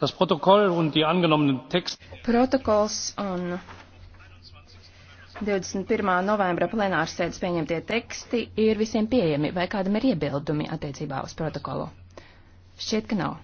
Das Protokoll und die angenommenen Texte. Protokols un 21. novembra plenārsēdes pieņemtie teksti ir visiem pieejami, vai kādam ir iebildumi attiecībā uz protokolu? Šķiet, ka nav.